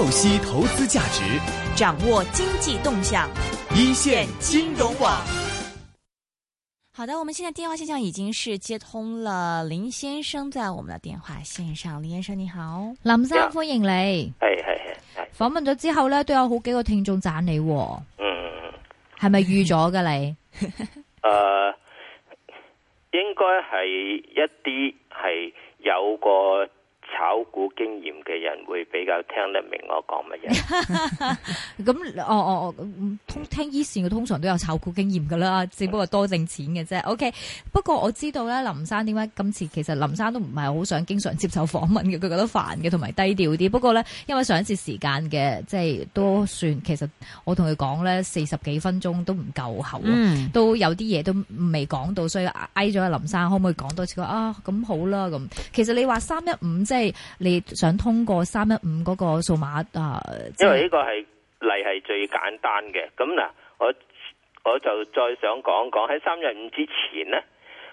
透析投資價值，掌握經濟動向，一線金融網。好的，我們現在電話線上已經是接通了林先生，在我們的電話線上，林先生你好，林生歡迎你，係系係。訪問咗之後呢，都有好幾個聽眾讚你，嗯，係咪預咗㗎你？誒，uh, 應該係一啲係有個。炒股經驗嘅人會比較聽得明我講乜嘢。咁哦哦哦，通、哦、聽依線嘅通常都有炒股經驗㗎啦，只不過多掙錢嘅啫。OK，不過我知道咧，林生點解今次其實林生都唔係好想經常接受訪問嘅，佢覺得煩嘅，同埋低調啲。不過咧，因為上一次時間嘅即係都算，其實我同佢講咧四十幾分鐘都唔夠喉，mm. 都有啲嘢都未講到，所以嗌咗阿林生可唔可以講多次啊？咁好啦，咁其實你話三一五即係。你想通過三一五嗰個數碼啊？因為呢個係例係最簡單嘅。咁嗱，我我就再想講講喺三一五之前呢，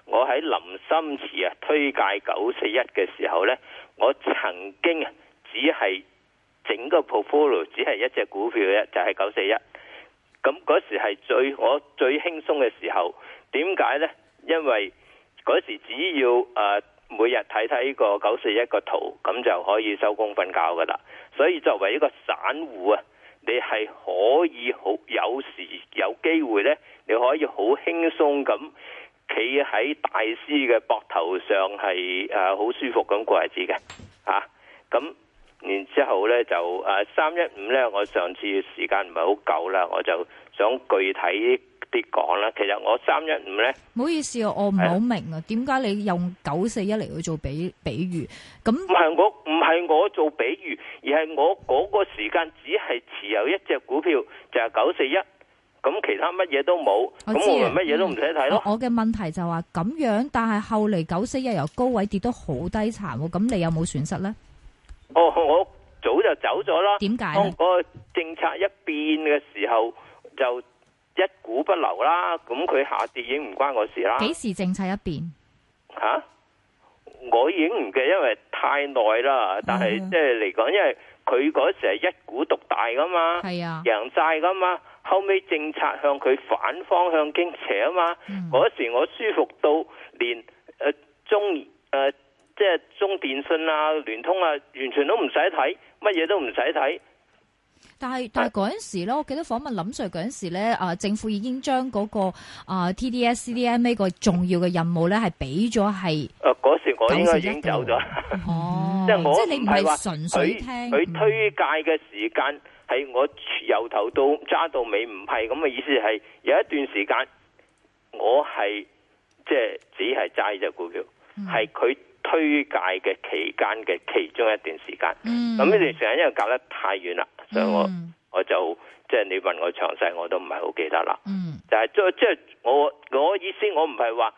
我喺林森池啊推介九四一嘅時候呢，我曾經啊只係整個 portfolio、um、只係一隻股票嘅，就係九四一。咁嗰時係最我最輕鬆嘅時候，點解呢？因為嗰時只要啊。呃每日睇睇呢個九四一個圖，咁就可以收工瞓覺嘅啦。所以作為一個散戶啊，你係可以好有時有機會呢，你可以好輕鬆咁企喺大師嘅膊頭上，係誒好舒服咁過日子嘅嚇。咁、啊、然之後呢，就誒三一五呢，我上次時間唔係好夠啦，我就想具體別講啦，其實我三一五咧，唔好意思啊，我唔係好明啊，點解你用九四一嚟去做比比喻？咁唔係我唔係我做比喻，而係我嗰個時間只係持有一隻股票，就係九四一，咁其他乜嘢都冇，我知，咁我乜嘢都唔使睇咯。我嘅問題就話咁樣，但係後嚟九四一由高位跌得好低殘，咁你有冇損失咧？哦，我早就走咗啦。點解？當嗰個政策一變嘅時候就。一股不留啦，咁佢下跌已經唔關我事啦。幾時政策一變？吓、啊，我已經唔記得，因為太耐啦。但係即係嚟講，因為佢嗰時係一股獨大噶嘛，係啊，贏晒噶嘛。後尾政策向佢反方向傾斜啊嘛，嗰、嗯、時我舒服到連誒、呃、中誒、呃、即係中電信啊、聯通啊，完全都唔使睇，乜嘢都唔使睇。但係但係嗰陣時咧，啊、我記得訪問林 Sir 嗰陣時咧，誒、啊，政府已經將嗰、那個誒、啊、TD-SCDMA 個重要嘅任務咧，係俾咗係。誒、啊，嗰時我應該已經走咗。哦，即係 我即係你唔係純粹聽佢推介嘅時間係我由頭到揸到尾，唔係咁嘅意思，係有一段時間我係即係只係揸隻股票，係佢、嗯。推介嘅期間嘅其中一段時間，咁、嗯、呢段時間因為隔得太遠啦，所以我、嗯、我就即係、即係、你問我詳細我、嗯即係我，我都唔係好記得啦。嗯，但係即即係我我意思我，我唔係話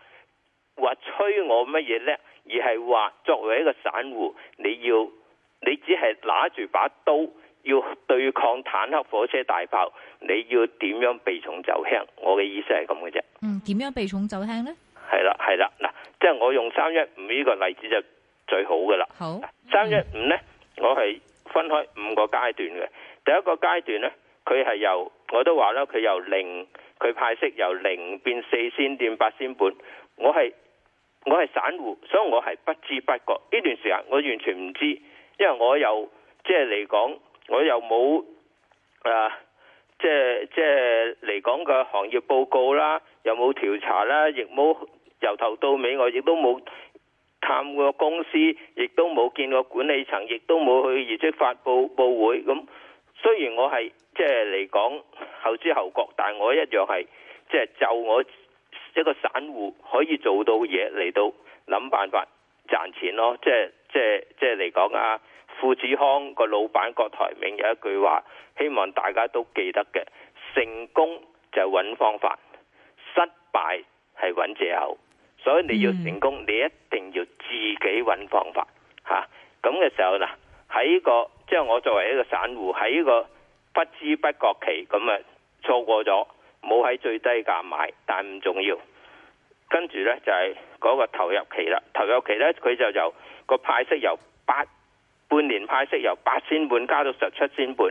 話催我乜嘢咧，而係話作為一個散戶，你要你只係拿住把刀，要對抗坦克、火車、大炮，你要點樣避重就輕？我嘅意思係咁嘅啫。嗯，點樣避重就輕咧？係啦，係啦，嗱，即係我用三一五呢個例子就最好噶啦。好，三一五呢，我係分開五個階段嘅。第一個階段呢，佢係由，我都話啦，佢由零，佢派息由零變四仙變八仙半。我係我係散戶，所以我係不知不覺呢段時間，我完全唔知，因為我又即係嚟講，我又冇啊，即係即係嚟講個行業報告啦，又冇調查啦，亦冇。由頭到尾，我亦都冇探過公司，亦都冇見過管理層，亦都冇去業績發布佈會。咁雖然我係即係嚟講後知後覺，但我一樣係即係就我一個散戶可以做到嘢嚟到諗辦法賺錢咯。即係即係即係嚟講啊，富士康個老闆郭台銘有一句話，希望大家都記得嘅：成功就揾方法，失敗係揾藉口。Mm hmm. 所以你要成功，你一定要自己揾方法嚇。咁、啊、嘅時候啦，喺個即係我作為一個散戶喺個不知不覺期，咁啊錯過咗冇喺最低價買，但唔重要。跟住呢就係、是、嗰個投入期啦，投入期呢，佢就由個派息由八半年派息由八仙半加到十七仙半，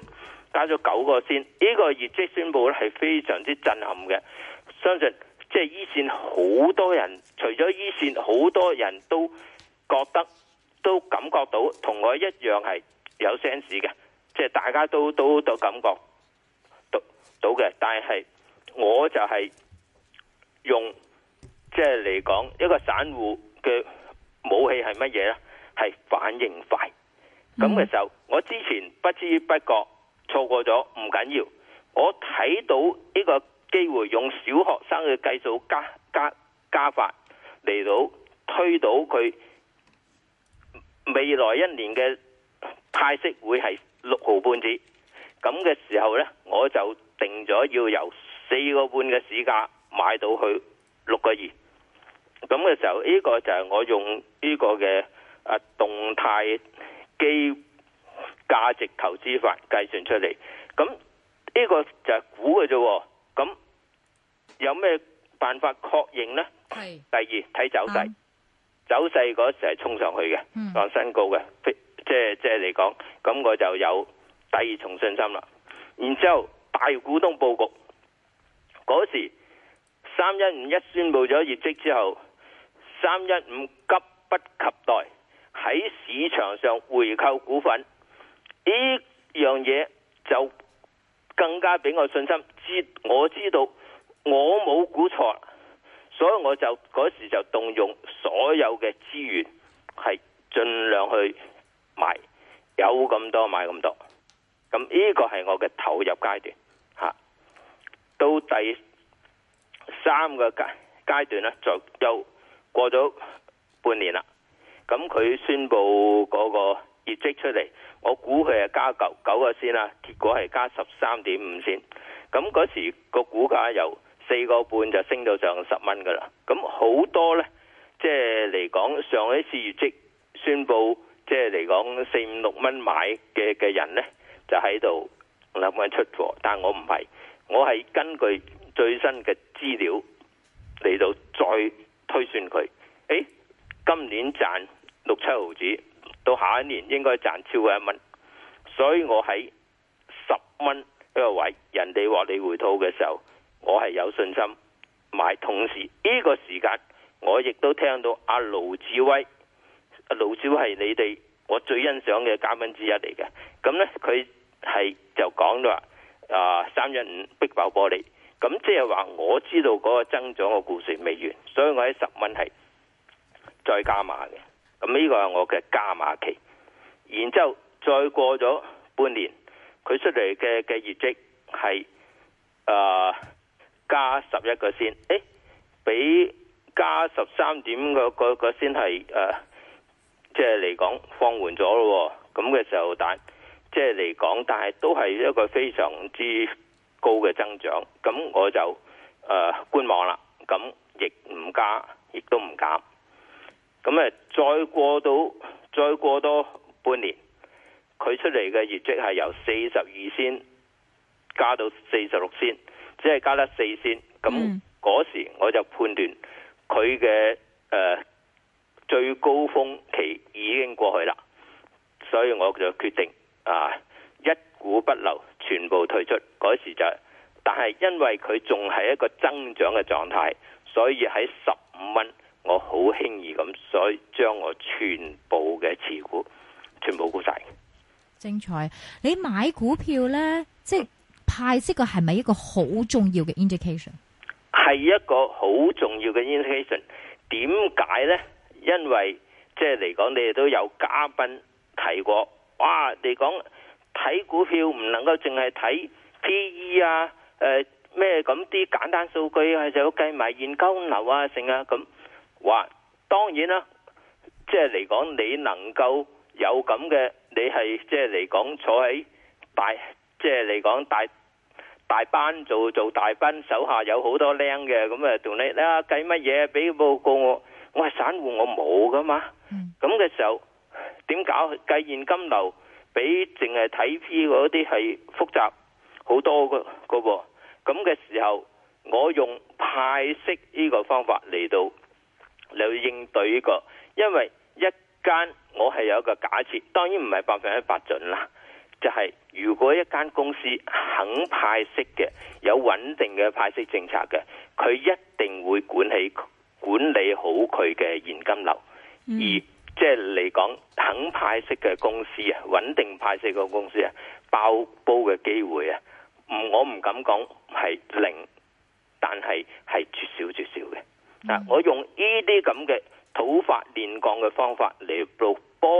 加咗九個仙。呢、這個業績宣佈呢係非常之震撼嘅，相信。即係一線，好多人，除咗一線，好多人都覺得，都感覺到同我一樣係有 sense 嘅，即係大家都都都感覺到到嘅，但係我就係用即係嚟講一個散戶嘅武器係乜嘢咧？係反應快，咁嘅時候，mm hmm. 我之前不知不覺錯過咗，唔緊要，我睇到呢個。機會，用小學生嘅計數加加加法嚟到推到佢未來一年嘅派息會係六毫半紙，咁嘅時候呢，我就定咗要由四個半嘅市價買到去六個二，咁嘅時候呢個就係我用呢個嘅啊動態基價值投資法計算出嚟，咁呢個就係估嘅啫。咁有咩辦法確認呢？是第二睇走勢，嗯、走勢嗰時係衝上去嘅，創新高嘅、嗯，即係即係嚟講，咁我就有第二重信心啦。然之後大股東布局嗰時，三一五一宣布咗業績之後，三一五急不及待喺市場上回購股份，呢樣嘢就更加俾我信心。知我知道我冇估錯，所以我就嗰時就動用所有嘅資源，係盡量去買，有咁多買咁多。咁呢個係我嘅投入階段吓、啊。到第三個階階段咧，就又過咗半年啦。咁佢宣布嗰個業績出嚟，我估佢係加九九個先啦、啊，結果係加十三點五先。咁嗰時個股價由四個半就升到上十蚊噶啦，咁好多呢，即係嚟講上一次業績宣布，即係嚟講四五六蚊買嘅嘅人呢，就喺度諗緊出貨，但我唔係，我係根據最新嘅資料嚟到再推算佢，誒，今年賺六七毫子，到下一年應該賺超過一蚊，所以我喺十蚊。呢個位，人哋話你回吐嘅時候，我係有信心買。同時呢個時間，我亦都聽到阿盧志威，阿盧志威係你哋我最欣賞嘅嘉賓之一嚟嘅。咁呢，佢係就講咗啊，三一五逼爆玻璃。咁即係話我知道嗰個增長嘅故事未完，所以我喺十蚊係再加碼嘅。咁呢個係我嘅加碼期，然之後再過咗半年。佢出嚟嘅嘅業績係誒加十一個先，誒、欸、比加十三點個個先係誒，即係嚟講放緩咗咯。咁嘅時候，但即係嚟講，但係都係一個非常之高嘅增長。咁我就誒、呃、觀望啦。咁亦唔加，亦都唔減。咁誒，再過到再過多半年。佢出嚟嘅業績係由四十二仙加到四十六仙，只係加得四仙，咁時我就判斷佢嘅誒最高峰期已經過去啦，所以我就決定啊一股不留，全部退出時就但係因為佢仲係一個增長嘅狀態，所以喺十五蚊我好輕易咁，所以將我全部嘅持股。精彩！你買股票咧，即係派息個係咪一個好重要嘅 indication，係一個好重要嘅 indication，點解咧？因為即係嚟講，你哋都有嘉賓提過，哇！你講睇股票唔能夠淨係睇 PE 啊，誒咩咁啲簡單數據，係就要計埋現金流啊，剩啊咁。哇當然啦，即係嚟講你能夠。有咁嘅，你係即係嚟講坐喺大，即係嚟講大大班做做大班手下有好多靚嘅，咁啊同你啦計乜嘢俾報告我？我係散戶，我冇噶嘛。咁嘅、嗯、時候點搞計現金流？比淨係睇 P 嗰啲係複雜好多個個噃。咁嘅時候我用派息呢個方法嚟到嚟去應對呢、呢個，因為。間我係有一個假設，當然唔係百分之一百準啦。就係如果一間公司肯派息嘅，有穩定嘅派息政策嘅，佢一定會管理管理好佢嘅現金流。而即係嚟講，肯派息嘅公司啊，穩定派息嘅公司啊，爆煲嘅機會啊，唔我唔敢講係零，但係係絕少絕少嘅。嗱，我用呢啲咁嘅。土法煉鋼嘅方法嚟到幫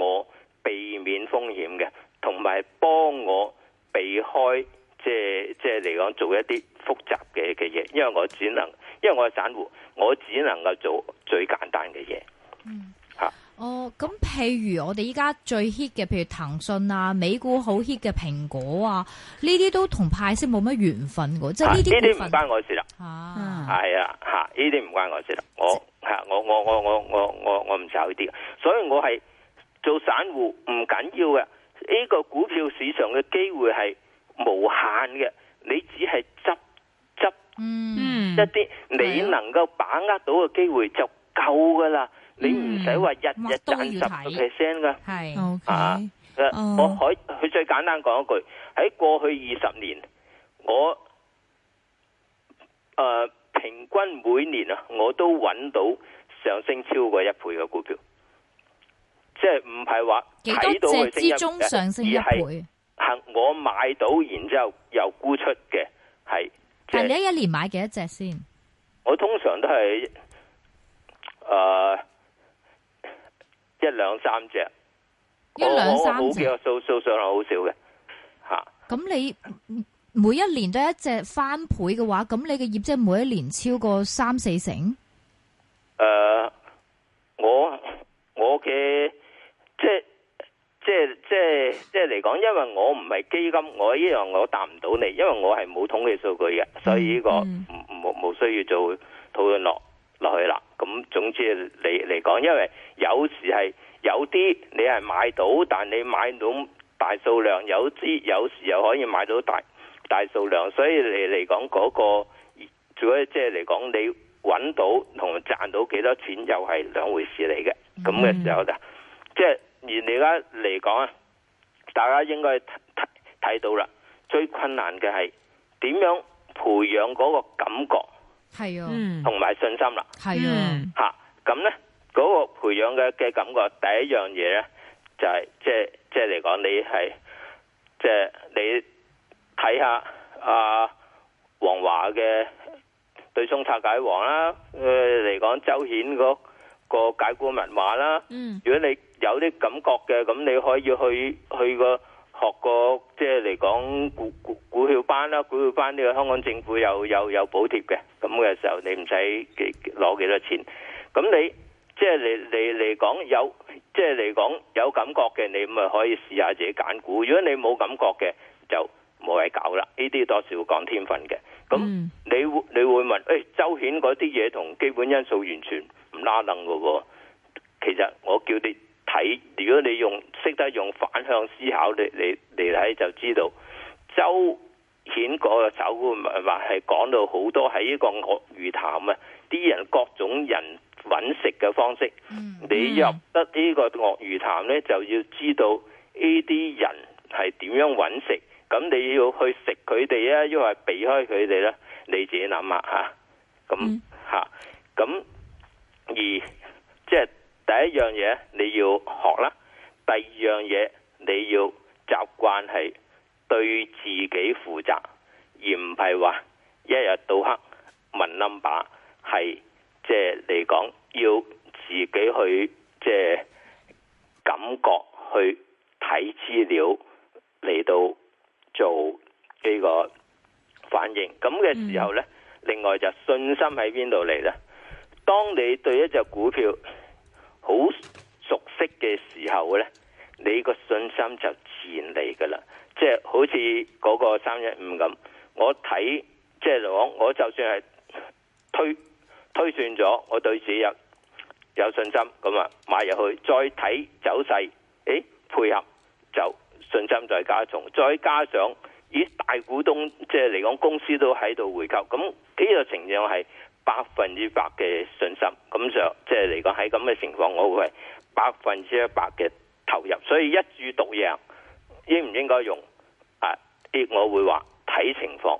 我避免風險嘅，同埋幫我避開，即係即係嚟講做一啲複雜嘅嘅嘢，因為我只能因為我係散戶，我只能夠做最簡單嘅嘢。嗯，吓、呃、哦，咁譬如我哋依家最 hit 嘅，譬如騰訊啊、美股好 hit 嘅蘋果啊，呢啲都同派息冇乜緣分嘅，即係呢啲呢啲唔關我事啦。啊，係啊，吓呢啲唔關我事啦，我。吓！我我我我我我我唔炒呢啲，所以我係做散戶唔緊要嘅。呢、這個股票市場嘅機會係無限嘅，你只係執執一啲你能夠把握到嘅機會就夠噶啦，嗯、你唔使話日日賺十個 percent 噶。係吓，我可佢、嗯、最簡單講一句：喺過去二十年，我誒。呃平均每年啊，我都揾到上升超過一倍嘅股票，即係唔係話幾多隻之中上升一倍？係，我買到，然之後又沽出嘅係。但你一年買幾多隻先？我通常都係誒一兩三隻，我我好幾個數數上係好少嘅吓。咁你？每一年都一隻翻倍嘅話，咁你嘅業績每一年超過三四成？誒、呃，我我嘅即即即即嚟講，因為我唔係基金，我呢樣我答唔到你，因為我係冇統計數據嘅，所以呢、這個唔唔、嗯、無，無，冇需要做討論落落去啦。咁總之嚟嚟講，因為有時係有啲你係買到，但你買到大數量，有啲有時又可以買到大。大數量，所以你嚟講嗰個，所以即係嚟講你揾到同賺到幾多錢又係兩回事嚟嘅。咁嘅時候就，即係、mm. 而而家嚟講啊，大家應該睇睇睇到啦。最困難嘅係點樣培養嗰個感覺，係啊，同埋信心啦，係啊，吓咁咧嗰個培養嘅嘅感覺第一樣嘢咧就係即係即係嚟講你係即係你。睇下啊，黃華嘅對沖拆解王啦，誒嚟講周顯嗰個解股密碼啦。嗯，如果你有啲感覺嘅，咁你可以去去個學個，即係嚟講股股股票班啦，股票班呢個香港政府有有有補貼嘅，咁嘅時候你唔使幾攞幾多，多錢。咁你即係、就是、你你嚟講有，即係嚟講有感覺嘅，你咪可以試下自己揀股。如果你冇感覺嘅，就。冇位搞啦！呢啲多少講天分嘅。咁你、嗯、你，會你會問誒、欸，周顯嗰啲嘢同基本因素完全唔拉楞噶喎。其實我叫你睇，如果你用識得用反向思考，你你嚟睇就知道，周顯嗰個炒股咪話係講到好多喺呢個鱷魚潭啊。啲人各種人揾食嘅方式，嗯、你入得呢個鱷魚潭呢，就要知道呢啲人係點樣揾食。咁你要去食佢哋咧，因為避開佢哋啦，你自己諗下。吓、啊。咁吓、咁、mm. 啊、而即係第一樣嘢，你要學啦。第二樣嘢，你要習慣係對自己負責，而唔係話一日到黑問 number，係即係嚟講要自己去即係感覺去睇資料嚟到。做呢個反應咁嘅時候呢，另外就信心喺邊度嚟呢？當你對一隻股票好熟悉嘅時候呢，你個信心就自然嚟噶啦。即係好似嗰個三一五咁，我睇即係講，我就算係推推算咗，我對自己有有信心，咁啊，買入去，再睇走勢，誒、哎、配合就。信心再加重，再加上以大股東即係嚟講，公司都喺度回購，咁呢個情況係百分之百嘅信心，咁就即係嚟講喺咁嘅情況，我會係百分之一百嘅投入。所以一注獨贏應唔應該用啊？亦我會話睇情況，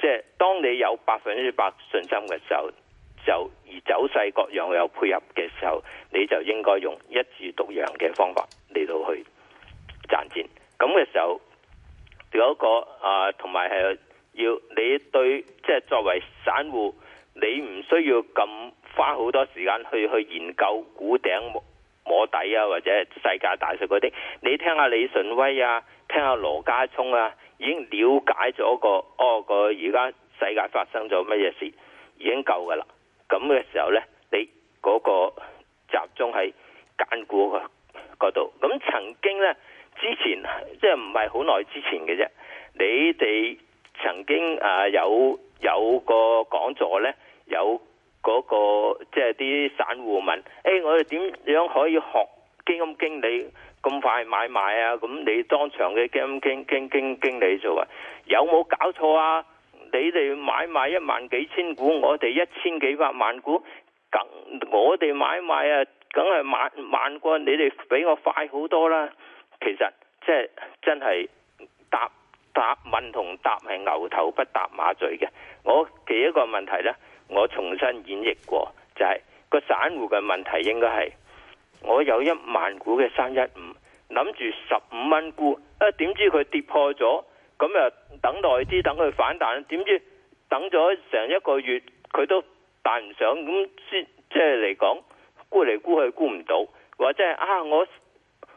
即係當你有百分之百信心嘅時候，就而走勢各樣有配合嘅時候，你就應該用一注獨贏嘅方法嚟到去。賺錢咁嘅時候有一個啊，同埋係要你對即係、就是、作為散戶，你唔需要咁花好多時間去去研究估頂摸底啊，或者世界大事嗰啲。你聽下李順威啊，聽下羅家聰啊，已經了解咗個哦個而家世界發生咗乜嘢事，已經夠噶啦。咁嘅時候呢，你嗰個集中喺揀股嗰度。咁曾經呢。之前即係唔係好耐之前嘅啫，你哋曾經啊有有個講座咧，有嗰個即係啲散戶問誒我哋點樣可以學基金經理咁快買賣啊？咁你當場嘅基金經經經經理做啊，有冇搞錯啊？你哋買賣一萬幾千股，我哋一千幾百萬股，梗我哋買賣啊，梗係慢慢過，你哋，比我快好多啦。其實即係真係答答問同答係牛頭不搭馬嘴嘅。我幾一個問題呢，我重新演繹過，就係、是、個散戶嘅問題應該係我有一萬股嘅三一五，諗住十五蚊沽，啊點知佢跌破咗，咁啊等耐啲等佢反彈，點知等咗成一個月佢都彈唔上，咁先即係嚟講沽嚟沽去沽唔到，或者係啊我。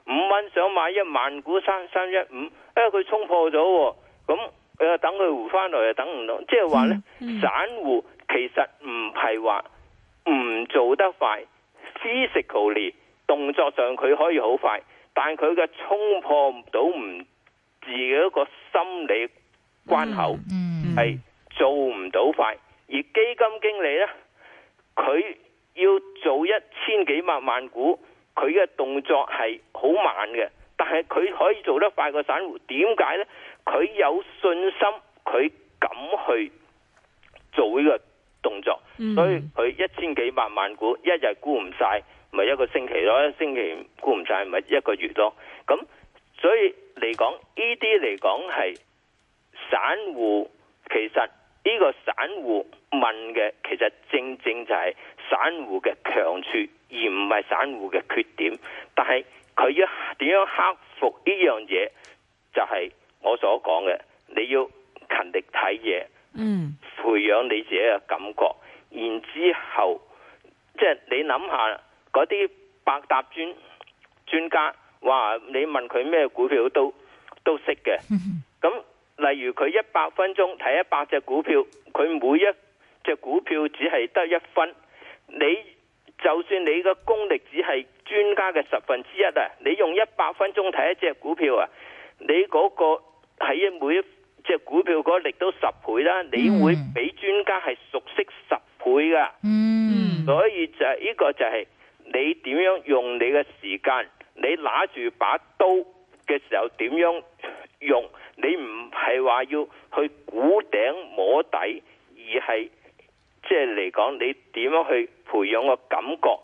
五蚊想買一萬股三三一五，因為佢衝破咗，咁佢又等佢回翻來又等唔到，即係話呢，散戶其實唔係話唔做得快，physically 動作上佢可以好快，但佢嘅衝破唔到唔自己一個心理關口，係、嗯嗯、做唔到快，而基金經理呢，佢要做一千幾百萬股。佢嘅動作係好慢嘅，但係佢可以做得快過散戶，點解呢？佢有信心，佢敢去做呢個動作，所以佢一千幾百萬股一日沽唔曬，咪、就是、一個星期咯；一星期沽唔曬，咪、就是、一個月咯。咁所以嚟講，呢啲嚟講係散戶其實。呢個散戶問嘅，其實正正就係散戶嘅強處，而唔係散戶嘅缺點。但係佢要點樣克服呢樣嘢，就係我所講嘅，你要勤力睇嘢，嗯，培養你自己嘅感覺，然之後即係你諗下嗰啲百搭專專家，話你問佢咩股票都都識嘅，咁。例如佢一百分鐘睇一百隻股票，佢每一隻股票只係得一分。你就算你嘅功力只係專家嘅十分之一啊，你用一百分鐘睇一隻股票啊，你嗰個喺每一隻股票嗰力都十倍啦，你會比專家係熟悉十倍㗎。嗯，mm. 所以就係呢、這個就係你點樣用你嘅時間，你拿住把刀嘅時候點樣？用你唔係話要去估頂摸底，而係即係嚟講，你點樣去培養個感覺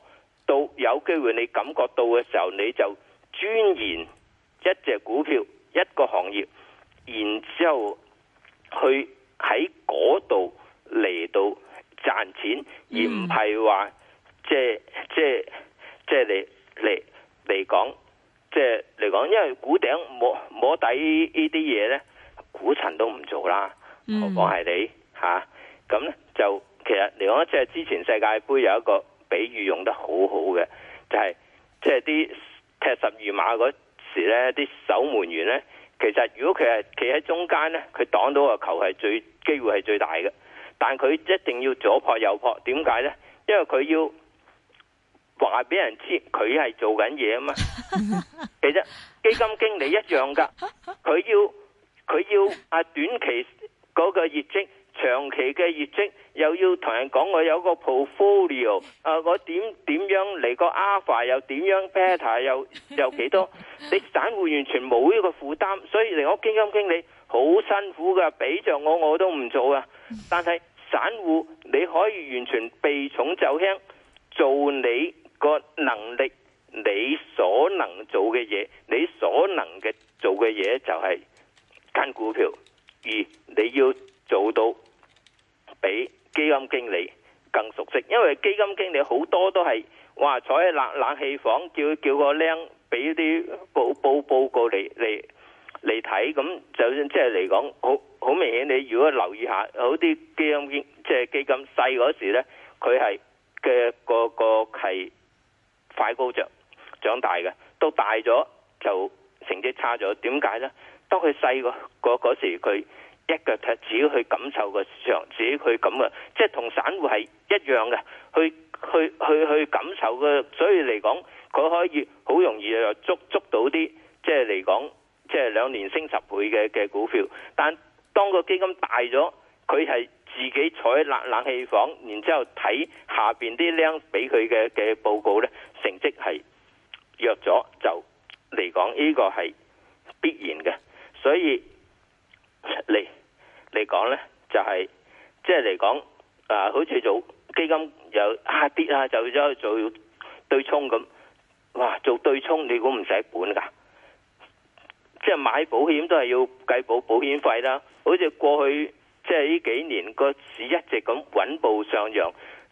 到有機會，你感覺到嘅時候，你就鑽研一隻股票，一個行業，然之後去喺嗰度嚟到賺錢，而唔係話即係即係即係嚟嚟嚟講。即係嚟講，因為股頂摸摸底呢啲嘢呢，股神都唔做啦，嗯、何況係你吓？咁、啊、就其實嚟講，即係之前世界杯有一個比喻用得好好嘅，就係、是、即係啲踢十二碼嗰時呢啲守門員呢，其實如果佢係企喺中間呢，佢擋到個球係最機會係最大嘅，但佢一定要左撲右撲，點解呢？因為佢要。話俾人知佢係做緊嘢啊嘛，其實基金經理一樣噶，佢要佢要啊短期嗰個業績，長期嘅業績，又要同人講我有個 portfolio，啊我點點樣嚟個 alpha 又點樣 beta 又又幾多？你散戶完全冇呢個負擔，所以嚟我基金經理好辛苦噶，俾着我我都唔做啊。但係散戶你可以完全避重就輕，做你。就係揀股票，而你要做到比基金經理更熟悉，因為基金經理好多都係哇，坐喺冷冷氣房叫，叫叫個靚。報告咧，成績係弱咗，就嚟講呢個係必然嘅，所以嚟嚟講咧就係、是、即係嚟講啊，好似做基金又下跌啊，就走去做對沖咁，哇！做對沖你估唔使本㗎？即係買保險都係要計保保險費啦，好似過去即係呢幾年個市一直咁穩步上揚。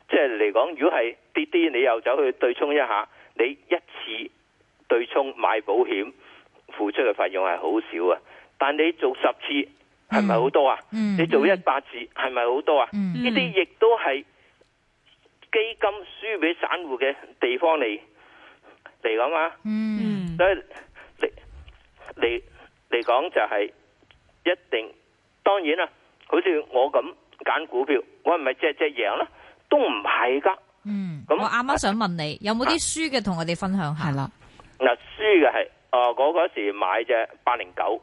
即係嚟講，如果係跌啲，你又走去對沖一下，你一次對沖買保險付出嘅費用係好少啊，但你做十次係咪好多啊？嗯嗯、你做一百次係咪好多啊？呢啲亦都係基金輸俾散戶嘅地方嚟嚟講啊。講嗯、所以嚟嚟講就係一定，當然啦，好似我咁揀股票，我係咪即係即係贏咧？都唔係㗎，嗯，咁樣我啱啱想問你，啊、有冇啲書嘅同我哋分享下？係啦，嗱，書嘅係，哦、呃，我、那、嗰、個、時買隻八零九，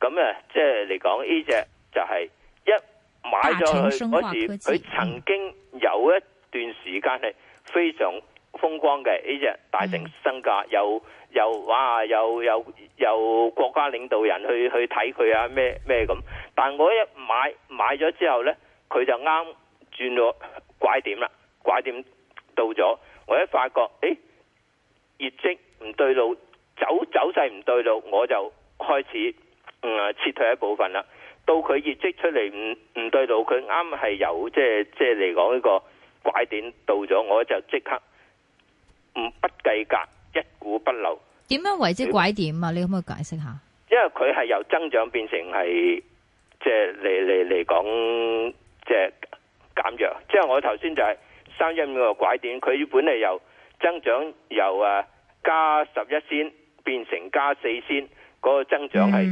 咁、就、啊、是，即係嚟講呢隻就係一買咗佢嗰時，佢、嗯、曾經有一段時間係非常風光嘅，呢隻、嗯、大成生化，又又哇，又又又國家領導人去去睇佢啊，咩咩咁，但係我一買買咗之後咧，佢就啱。轉咗拐點啦，拐點到咗，我一發覺，誒、欸，業績唔對路，走走勢唔對路，我就開始誒、嗯、撤退一部分啦。到佢業績出嚟唔唔對路，佢啱係由即係即係嚟講呢個拐點到咗，我就即刻唔不計格，一股不留。點樣為之拐點啊？你可唔可以解釋下？因為佢係由增長變成係，即係嚟嚟嚟講，即係。減弱，即係我頭先就係三一五個拐點，佢本嚟，由增長由誒加十一仙變成加四仙，嗰個增長係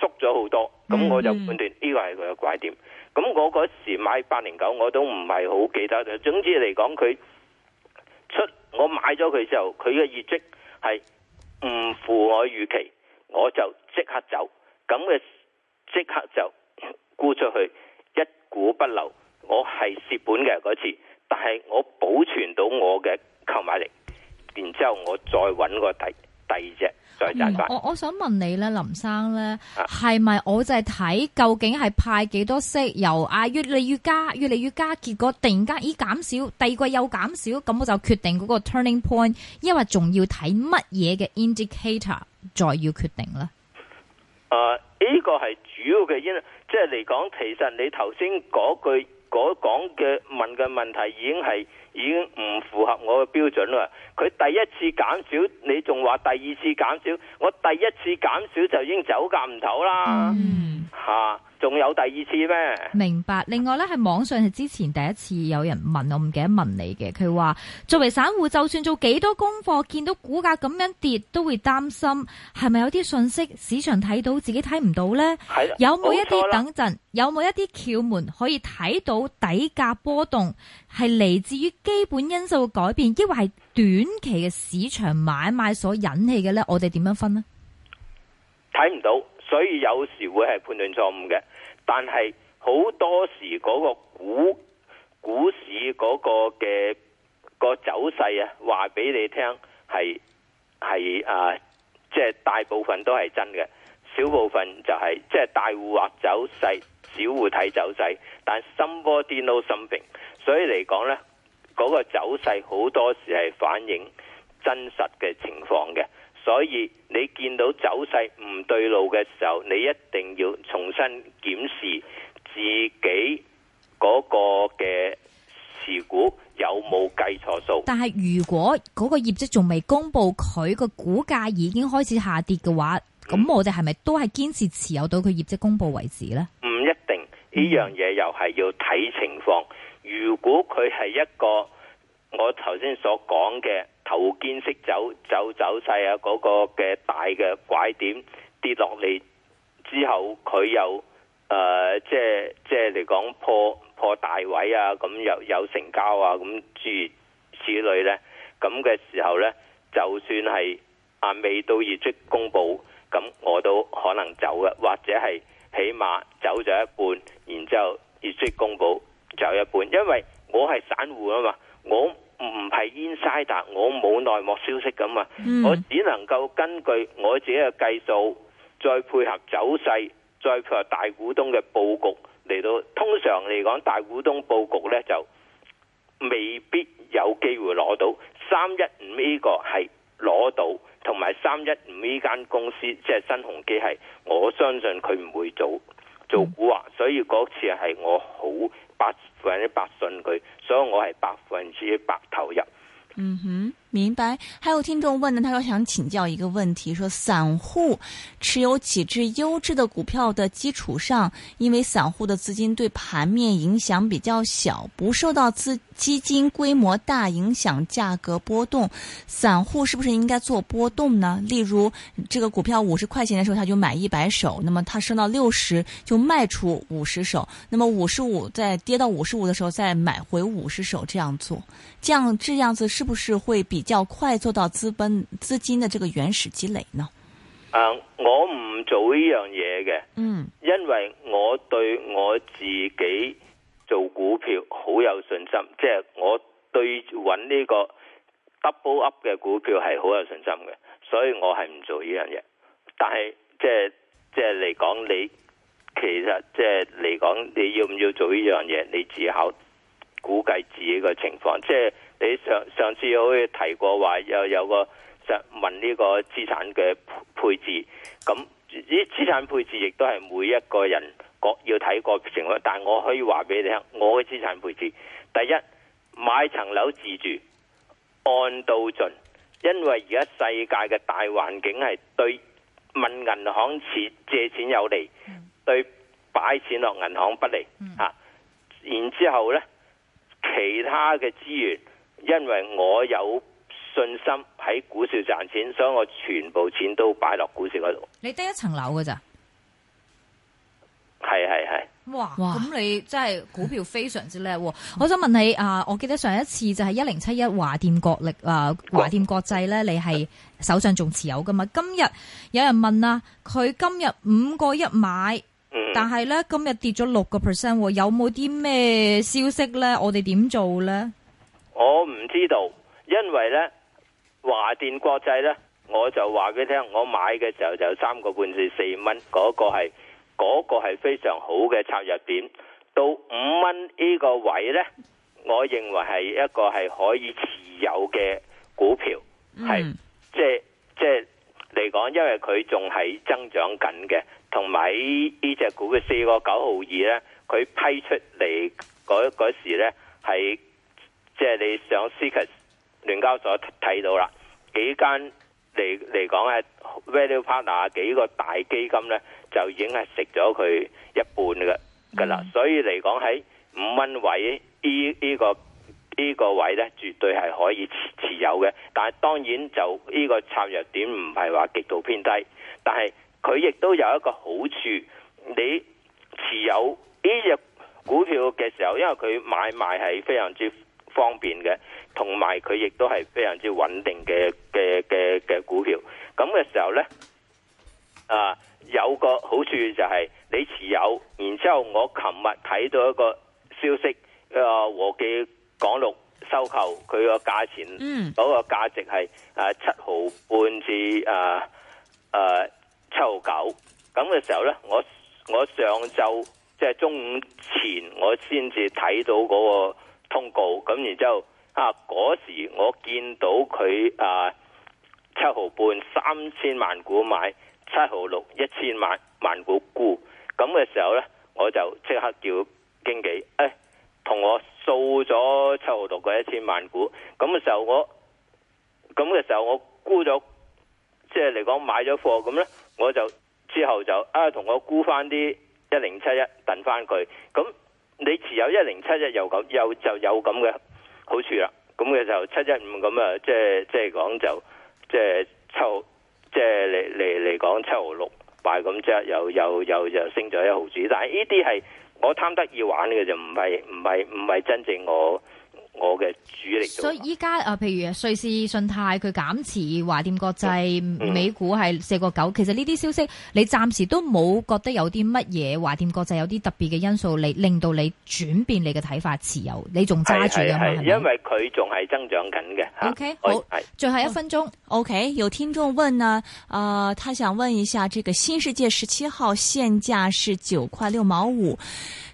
縮咗好多，咁、嗯、我就判斷呢個係佢嘅拐點。咁、嗯嗯、我嗰時買八零九，我都唔係好記得。總之嚟講，佢出我買咗佢之後，佢嘅業績係唔符我預期，我就即刻走，咁嘅即刻就沽出去，一股不留。我係蝕本嘅嗰次，但係我保存到我嘅購買力，然之後我再搵個第第二隻再揸、嗯。我我想問你咧，林生咧，係咪、啊、我就係睇究竟係派幾多息？由啊越嚟越加，越嚟越加，結果突然間咦減少，第二季又減少，咁我就決定嗰個 turning point，因為仲要睇乜嘢嘅 indicator 再要決定啦。誒、呃、呢、這個係主要嘅因，即係嚟講，其實你頭先嗰句。我講嘅問嘅問題已經係已經唔符合我嘅標準啦。佢第一次減少，你仲話第二次減少，我第一次減少就已經走夾唔唞啦。嗯、mm. 啊，吓。仲有第二次咩？明白。另外呢，係網上係之前第一次有人問我，唔記得問你嘅。佢話作為散戶，就算做幾多功課，見到股價咁樣跌，都會擔心係咪有啲信息市場睇到，自己睇唔到呢？係啦，有冇一啲等陣？有冇一啲竅門可以睇到底價波動係嚟自於基本因素嘅改變，抑或係短期嘅市場買賣所引起嘅呢？我哋點樣分呢？睇唔到。所以有時會係判斷錯誤嘅，但係好多時嗰個股股市嗰個嘅個走勢啊，話俾你聽係係啊，即、就、係、是、大部分都係真嘅，少部分就係即係大戶畫走勢，小戶睇走勢，但係心波顛倒心平，所以嚟講呢，嗰、那個走勢好多時係反映真實嘅情況嘅。所以你見到走勢唔對路嘅時候，你一定要重新檢視自己嗰個嘅持股有冇計錯數。但係如果嗰個業績仲未公佈，佢個股價已經開始下跌嘅話，咁、嗯、我哋係咪都係堅持持有到佢業績公佈為止咧？唔一定，呢樣嘢又係要睇情況，如果佢係一個我頭先所講嘅。頭肩式走走走勢啊，嗰、那個嘅大嘅拐點跌落嚟之後，佢又誒、呃，即係即係嚟講破破大位啊，咁又有成交啊，咁諸如此類呢，咁嘅時候呢，就算係啊未到業績公布，咁我都可能走嘅，或者係起碼走咗一半，然之後業績公布走一半，因為我係散戶啊嘛，我。係 insider，我冇內幕消息噶嘛，我只能夠根據我自己嘅計數，再配合走勢，再配合大股東嘅布局嚟到。通常嚟講，大股東布局呢就未必有機會攞到。三一五呢個係攞到，同埋三一五呢間公司即係新鴻基係，我相信佢唔會做做股啊。所以嗰次係我好。百分之百信佢，所以我係百分之百投入。嗯哼，明白。還有聽眾問呢，他說想請教一個問題，說散戶持有幾隻優質的股票的基礎上，因為散戶的資金對盤面影響比較小，不受到資金。基金規模大影響價格波動，散戶是不是應該做波動呢？例如，這個股票五十塊錢的時候他就買一百手，那麼他升到六十就賣出五十手，那麼五十五再跌到五十五的時候再買回五十手，這樣做，這樣這樣子是不是會比較快做到資本資金的這個原始積累呢？啊，我唔做呢樣嘢嘅，嗯，因為我對我自己。做股票好有信心，即係我對搵呢個 double up 嘅股票係好有信心嘅，所以我係唔做呢樣嘢。但係即係即係嚟講你，你其實即係嚟講，你要唔要做呢樣嘢，你自考估計自己個情況。即係你上上次好似提過話，又有，有個就問呢個資產嘅配置，咁資產配置亦都係每一個人。個要睇個情況，但我可以話俾你聽，我嘅資產配置，第一買層樓自住按到盡，因為而家世界嘅大環境係對問銀行錢借錢有利，嗯、對擺錢落銀行不利，嗯、啊。然之後呢，其他嘅資源，因為我有信心喺股市賺錢，所以我全部錢都擺落股市嗰度。你得一層樓噶咋？係係係，是是是哇哇咁你真係股票非常之叻，嗯、我想問你啊，我記得上一次就係一零七一華電國力啊華電國際咧，你係手上仲持有噶嘛？今日有人問啊，佢今日五個一買，但係咧今日跌咗六個 percent，有冇啲咩消息咧？我哋點做咧？我唔知道，因為咧華電國際咧，我就話俾你聽，我買嘅時候就三個半至四蚊，嗰個係。嗰個係非常好嘅策略點，到五蚊呢個位呢，我認為係一個係可以持有嘅股票，係即係即係嚟講，因為佢仲係增長緊嘅，同埋呢隻股嘅四個九毫二呢，佢批出嚟嗰嗰時呢，係即係你上 CCASS 聯交所睇到啦，幾間嚟嚟講係。Value Partner 幾個大基金咧，就已經係食咗佢一半嘅，噶啦。所以嚟講喺五蚊位呢呢個呢個位咧，絕對係可以持持有嘅。但係當然就呢個插入點唔係話極度偏低，但係佢亦都有一個好處，你持有呢隻股票嘅時候，因為佢買賣係非常之方便嘅，同埋佢亦都係非常之穩定嘅嘅嘅嘅股票。咁嘅時候呢，啊，有個好處就係你持有，然之後我琴日睇到一個消息，啊，和記港陸收購佢個價錢，嗯，嗰個價值係啊七毫半至啊啊七毫九。咁嘅時候呢，我我上晝即係中午前，我先至睇到嗰個。通告咁，然之後啊，嗰時我見到佢啊七毫半三千萬股買，七毫六一千萬萬股沽，咁嘅時候呢，我就即刻叫經紀，誒、哎、同我掃咗七毫六嗰一千萬股，咁嘅時候我，咁嘅時候我沽咗，即係嚟講買咗貨咁呢，我就之後就啊同、哎、我沽翻啲一零七一等翻佢，咁。你持有一零七一又咁又就有咁嘅好處啦，咁嘅就七一五咁啊，即係即係講就即係抽即係嚟嚟嚟講七毫六拜咁啫，又又又又升咗一毫子，但係呢啲係我貪得意玩嘅就唔係唔係唔係真正我。我嘅主力，所以依家啊，譬、呃、如瑞士信貸佢減持華電國際，嗯、美股係四個九。其實呢啲消息，嗯、你暫時都冇覺得有啲乜嘢華電國際有啲特別嘅因素嚟令到你轉變你嘅睇法持有，你仲揸住噶嘛？係因為佢仲係增長緊嘅。OK，好，係、哎，最後一分鐘。OK，有聽眾問呢，啊、呃，他想問一下，這個新世界十七號現價是九塊六毛五。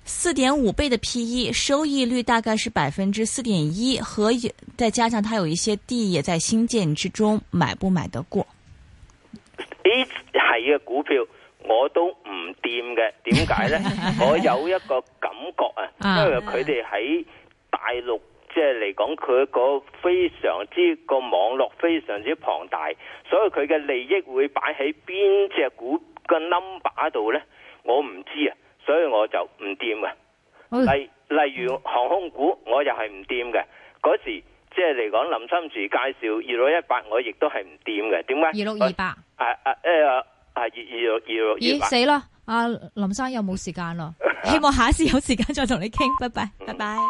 四點五倍嘅 P/E，收益率大概是百分之四點一，和再加上它有一些地也在興建之中，買不買得過？呢係嘅股票我都唔掂嘅，點解呢？ 我有一個感覺啊， 因為佢哋喺大陸即係嚟講，佢個非常之個網絡非常之龐大，所以佢嘅利益會擺喺邊隻股個 number 度呢？我唔知啊。所以我就唔掂嘅，例例如航空股，嗯、我又係唔掂嘅。嗰時即係嚟講，林心如介紹二六一八，我亦都係唔掂嘅。點解二六二八？啊啊！誒啊二二六二六二八。咦死啦！阿林生又冇時間咯，希望下次有時間再同你傾。拜拜，嗯、拜拜。